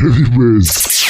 Heavyweight.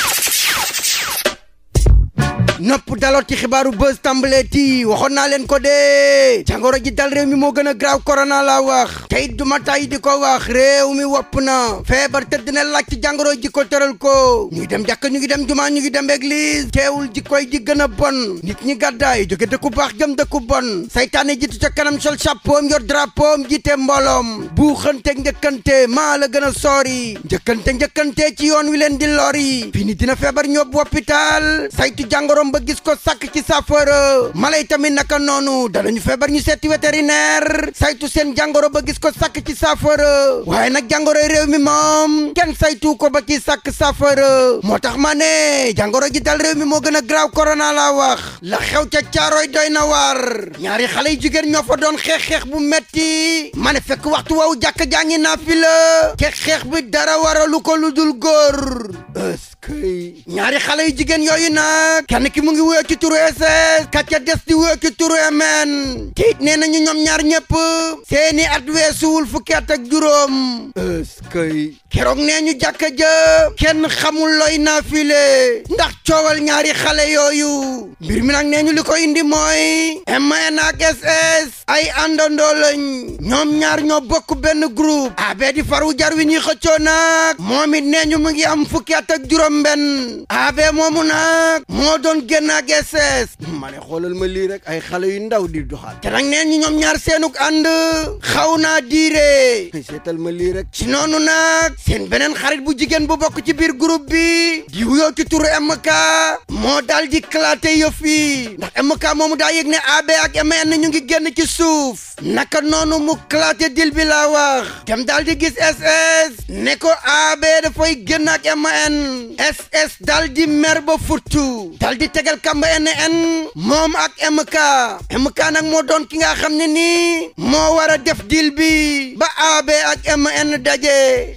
nopp dalot ci xibaaru buzz tàmbaleeti waxoon naa leen ko dee jàngoro ji dal réew mi moo gën a graaw korona la wax teyit du ma tàyyi di ko wax réew mi wopp na feebar tëdd na laaj ci jàngoro ji ko tëral ko ñu ngi dem jàkk ñu ngi dem jumaa ñu ngi dem église teewul ji koy ji gën a bon nit ñi gàddaay jóge dëkku baax jëm dëkku bon saytaane jiitu ca kanam sol chapeau yor drapeau jiite mbooloom buuxante njëkkante maa la gën a soori njëkkante njëkkante ci yoon wi leen di lori fini dina feebar ñóbbu hôpital saytu jàngoro dem ba gis ko sàkk ci saafara mala yi tamit naka noonu danañu feebar ñu seeti vétérinaire saytu seen jàngoro ba gis ko sakk ci saafara waaye nag jàngoroy réew mi moom kenn saytu ko ba ci sàkk saafara moo tax ma ne jàngoro ji dal réew mi moo gën a graaw corona la wax la xew ca yi doy na waar ñaari xale yu jigéen ñoo fa doon xeex-xeex bu metti ma ne fekk waxtu waaw jàkk jaa ngi naa fi la te xeex bi dara waralu ko lu dul góor est-ce que ñaari xale yu jigéen yooyu nag kenn ki mu ngi wuyoo ci turu SS ka ca des di wuyoo ci turu MN tiit nee nañu ñoom ñaar ñëpp seeni at weesuwul fukki at ak juróom eskay keroog nee ñu jàkka ja kenn xamul looy file ndax coowal ñaari xale yooyu mbir mi nag nee ñu li ko indi mooy MN ak SS ay àndandoo lañ ñoom ñaar ñoo bokk benn groupe abe di faru jar wi ñuy xëccoo nag moom it nee ñu mu ngi am fukki at ak juróom benn abe moomu nag moo doon génn ak SS ma ne xoolal ma lii rek ay xale yu ndaw di doxal te nag ñoom ñaar seenuk ànd xaw naa diire seetal ma lii noonu nag seen beneen xarit bu jigéen bu bokk ci biir groupe bi wuyoo ci turu MK moo daal di klaate ndax MK moomu daa yëg ne AB ak MN ñu ngi génn ci suuf naka noonu mu klaate dil bi wax dem daal di gis SS ne ko AB dafay génn ak MN SS daal mer ba furtu daal di kamba NN moom ak MK MK moo doon ki nga xam ne nii moo war a def dil bi ba AB ak MN daje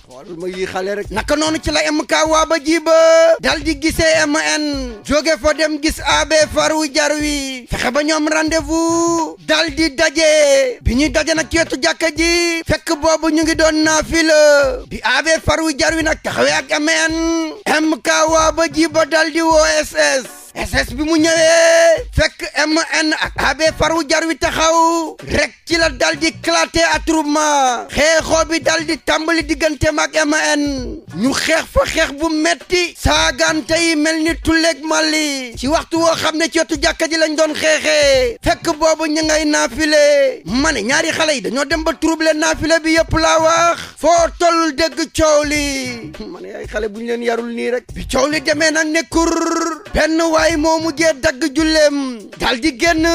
naka noonu ci la MK waa ba jiiba dal di gisee MN jóge fa dem gis AB wu jar wi fexe ba ñoom rendez-vous dal di daje bi ñuy daje nag ci wetu jàkka ji fekk boobu ñu ngi doon naafila bi AB wu jar wi nag taxawee ak MN MK waa ba ji ba dal di woo SS bi mu ñëwee fekk MN ak AB wu jar wi taxaw rek ci la dal di claté attroupement xeexoo bi daldi tàmbali diggante ak MN ñu xeex fa xeex bu metti saagante yi mel ni tulleeg mali ci waxtu woo xam ne ci wetu jàkka ji lañ doon xeexee fekk boobu ñu ngay naafile ma ne ñaari xale yi dañoo dem ba trouble naafile bi yëpp laa wax foo toll dégg coow li ma ay xale bu ñu leen yarul nii rek bi coow li demee nag ne kur benn waay moo mujjee dagg julleem dal di génn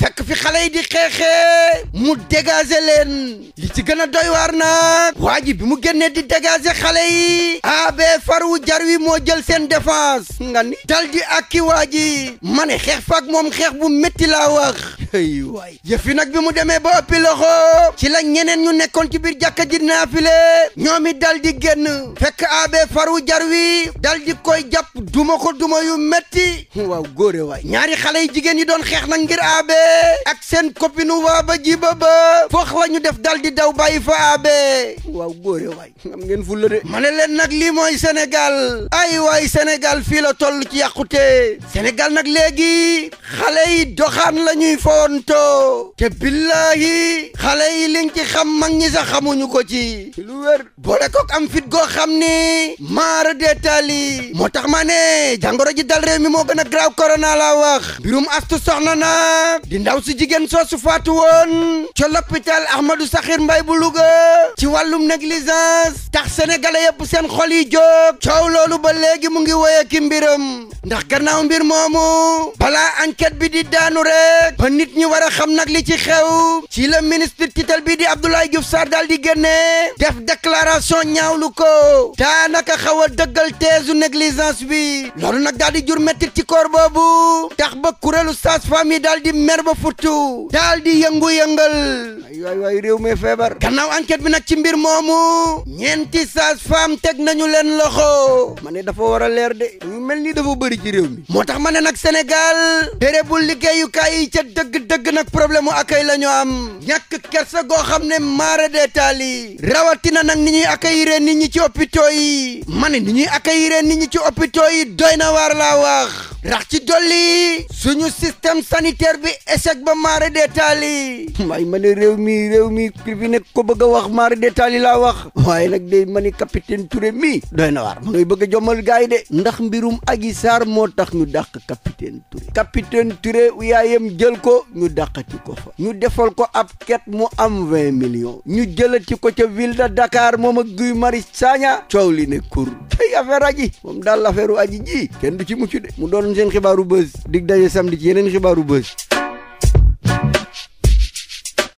fekk fi xale yi di xeexee mu dégager leen li ci gën a doy waar nag waa ji bi mu génnee di dégager xale yi ab farwu jar wi moo jël seen défense nga dal di akki waa ji ma ne xeex faak moom xeex bu metti laa wax ay yi nag bi mu demee ba ëppi ci la ñeneen ñu nekkoon ci biir jàkka naafile ñoom it dal di génn fekk ab farwu jar wi dal koy jàpp duma duma yu métti metti waaw góore waay ñaari xale yi jigéen yi doon xeex nag ngir ak seen copinu waaba jiba ba foox la ñu def dal di daw bàyyi fa aabe waaw góore waay am ngeen fulla de ma ne leen nag lii mooy Sénégal ay waay Sénégal fii la toll ci yàqute senegal nag léegi xale yi doxaan la ñuy foonto billaahi xale yi liñ ci xam mag ñi sax xamuñu ko ci lu wér boole am fit goo xam ni maara de tali moo tax ma ne jàngoro ji dal réew mi moo gën a graaw corona laa wax mbirum astu soxna na di ndaw si jigéen soosu faatu woon ca l'hôpital Ahmadou Louga ci wàllum négligence tax sénégalais yëpp seen xol yi jóg loolu ba léegi mu ngi woyee ki mbiram ndax gannaaw mbir moomu balaa enquête bi di daanu rek ba nit ñi war a xam nag li ci xew ci la ministre tital bi di Abdoulaye Diouf Sarr daal di génnee def déclaration ñaawlu ko daanaka xaw a dëggal teesu négligence bi loolu nag daal di jur mettit ci koor boobu tax ba kurelu sage-femme yi daal di mer ba futtu daal di yëngu-yëngal ay waay waay réew mi feebar gannaaw enquête bi nag ci mbir moomu ñeenti sage-femme teg nañu leen loxo ma ne dafa war a leer de mel ni dafa bëri ci réew mi moo tax ma ne nag Sénégal bérébul liggéeyukaay yi ca dëgg-dëgg nag problème mu accueil la am ñàkk kersa goo xam ne maara deetaal yi rawatina nag ni ñuy accueillir nit ñi ci hôpitaux yi ma ne ni ñuy accueillir nit ñi ci hôpitaux yi Bar rax ci dolli suñu système sanitaire bi échec ba maare detaali waaye ma ne réew mi réew mi ki fi nekk ko bëgg a wax maare detaali laa wax waaye nag de ma ne capitaine Touré mi doy na waar ma ngay bëgg a jommal gars de ndax mbirum Adji Sarr moo tax ñu dàq capitaine Touré capitaine Touré yaayam jël ko ñu dàqati ko fa ñu defal ko ab ket mu am vingt millions ñu jëlati ko ca ville dakaar moom a Guy mari Sagna coow li ne kur tey affaire aji moom daal affaire aji ji doon seen xibaaru buzz dig daje samedi ci yeneen xibaaru buzz.